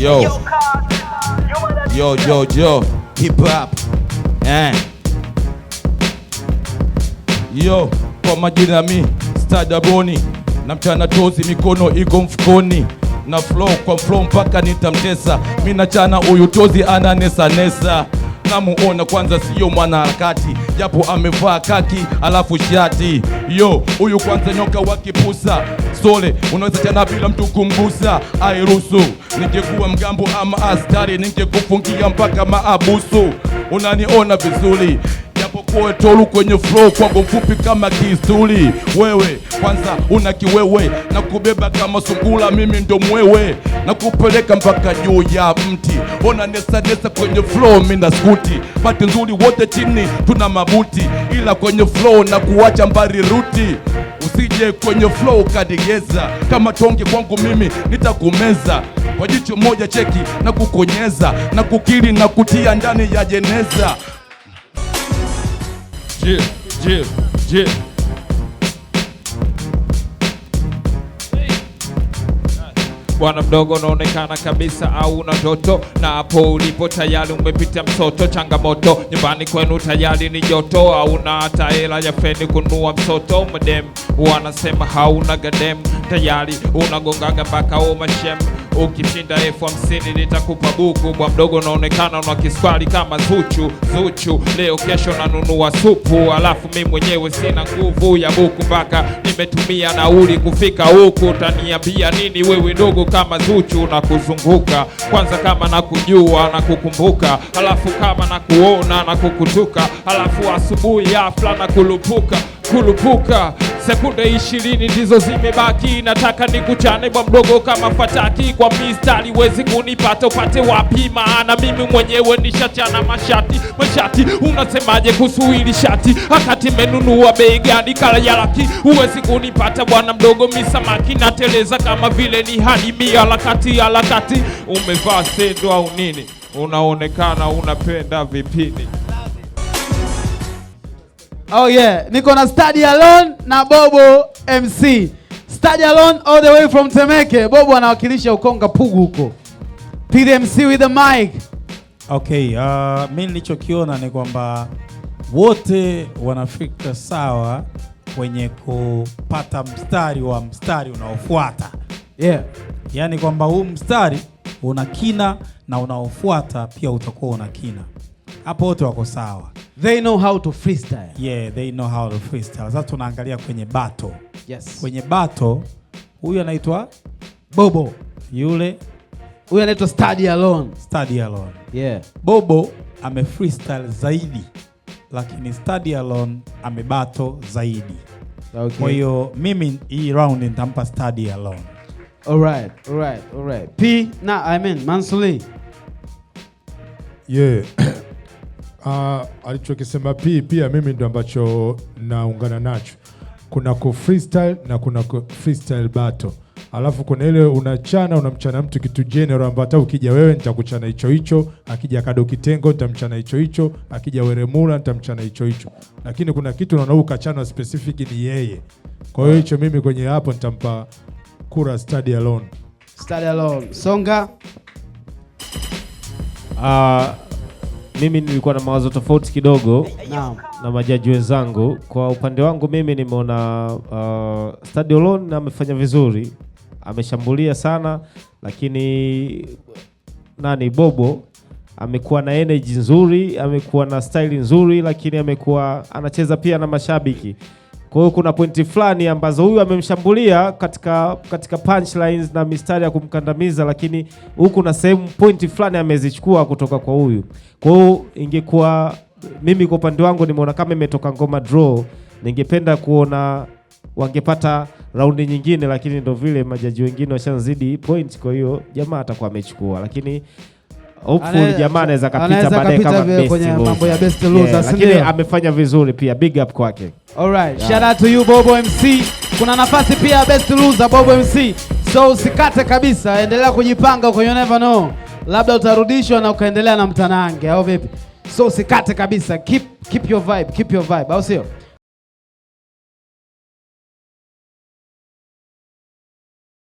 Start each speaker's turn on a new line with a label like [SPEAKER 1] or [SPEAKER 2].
[SPEAKER 1] yo yo yo yo hip hop eh. Yo, kwa majina mi Stadaboni na mchana tozi, mikono iko mfukoni na flow kwa flow mpaka nitamtesa, nachana huyu tozi ananesanesa unamuona kwanza siyo mwanaharakati, japo amevaa kaki alafu shati. Yo, huyu kwanza nyoka wa kipusa sole, unaweza chana bila mtu kumgusa. airusu ningekuwa mgambo ama astari ningekufungia mpaka maabusu. Unaniona vizuri tolu kwenye flow kwangu mfupi kama kisturi. Wewe kwanza una kiwewe na kubeba kama sungula, mimi ndo mwewe na kupeleka mpaka juu ya mti. Ona nesa nesa kwenye flow, mimi na skuti pati nzuri, wote chini tuna mabuti, ila kwenye flow na kuacha mbari ruti Usije kwenye flow kadigeza kama tonge kwangu, mimi nitakumeza kwa jicho moja, cheki na kukonyeza na kukiri na kutia ndani ya jeneza yeah, Bwana mdogo, unaonekana kabisa au na toto Na hapo ulipo tayari umepita msoto, changamoto nyumbani kwenu tayari ni joto, auna hata hela ya feni kunua msoto. mdem wanasema hauna gadem, tayari unagongaga mpaka umashem Ukishinda elfu hamsini nitakupa buku. Bwa mdogo unaonekana una kiswali kama Zuchu. Zuchu leo kesho nanunua supu, alafu mi mwenyewe sina nguvu ya buku, mpaka nimetumia nauli kufika huku. Utaniambia nini wewe dogo kama Zuchu na kuzunguka? Kwanza kama nakujua na kukumbuka, alafu kama nakuona na kukutuka, alafu asubuhi afla na kulupuka kulupuka sekunde ishirini ndizo zimebaki, nataka nikuchane bwa mdogo kama fataki, kwa mistari wezi kunipata, upate wapi? Maana mimi mwenyewe nishachana mashati mashati. Unasemaje kuhusu hili shati? Akati menunua bei gani? kala ya laki, uwezi kunipata bwana mdogo, misamaki nateleza kama vile ni hadimi. alakati alakati. umevaa sendo au nini? Unaonekana unapenda vipini
[SPEAKER 2] Oh yeah, niko na Study Alone na Bobo MC. Study Alone all the way from Temeke. Bobo anawakilisha Ukonga Pugu huko. PDMC with the mic.
[SPEAKER 3] Okay, uh, mimi nilichokiona ni kwamba wote wanafikra sawa kwenye kupata mstari wa mstari unaofuata. Yeah. Yaani kwamba huu mstari una kina na unaofuata pia utakuwa una kina. Hapo wote wako sawa.
[SPEAKER 2] They know how to freestyle.
[SPEAKER 3] Yeah, they know how to freestyle. Sasa tunaangalia kwenye bato. Yes. Kwenye bato huyu anaitwa Bobo. Yule
[SPEAKER 2] huyu anaitwa Study Alone.
[SPEAKER 3] Study Alone. Yeah. Bobo ame freestyle zaidi lakini Study Alone ame bato zaidi. Okay. Kwa hiyo mimi hii round nitampa Study Alone.
[SPEAKER 2] All All right. right. All right. P na I mean Mansuri.
[SPEAKER 4] Yeah. uh, alichokisema P pia mimi ndio ambacho naungana nacho. Kuna ku freestyle na kuna ku freestyle battle, alafu kuna ile unachana unamchana mtu kitu general, ambapo hata ukija wewe nitakuchana hicho hicho, akija Kado Kitengo nitamchana hicho hicho, akija Weremula nitamchana hicho hicho, lakini kuna kitu unaona ukachana specific ni yeye. Kwa hiyo hicho mimi kwenye hapo nitampa kura study alone.
[SPEAKER 2] Study alone. Songa.
[SPEAKER 5] Uh, mimi nilikuwa na mawazo tofauti kidogo na, na majaji wenzangu. Kwa upande wangu mimi nimeona uh, Stadi Olon amefanya vizuri, ameshambulia sana, lakini nani Bobo amekuwa na energy nzuri, amekuwa na style nzuri, lakini amekuwa anacheza pia na mashabiki kwa hiyo kuna pointi fulani ambazo huyu amemshambulia katika, katika punchlines na mistari ya kumkandamiza, lakini huku na sehemu pointi fulani amezichukua kutoka kwa huyu. Kwa hiyo ingekuwa mimi kwa upande wangu nimeona kama imetoka ngoma draw, ningependa kuona wangepata raundi nyingine, lakini ndo vile majaji wengine washanzidi point, kwa hiyo jamaa atakuwa amechukua, lakini hopefully jamaa anaweza kapita baadaye kama best kwenye mambo ya best loser, yeah, lakini amefanya vizuri pia, big up kwake.
[SPEAKER 2] all right yeah. shout out to you Bobo MC. Kuna nafasi pia ya best loser Bobo MC, so usikate kabisa, endelea kujipanga, kwa you never know, labda utarudishwa na ukaendelea na mtanange au vipi? So usikate kabisa, keep keep your vibe, keep your vibe, au sio?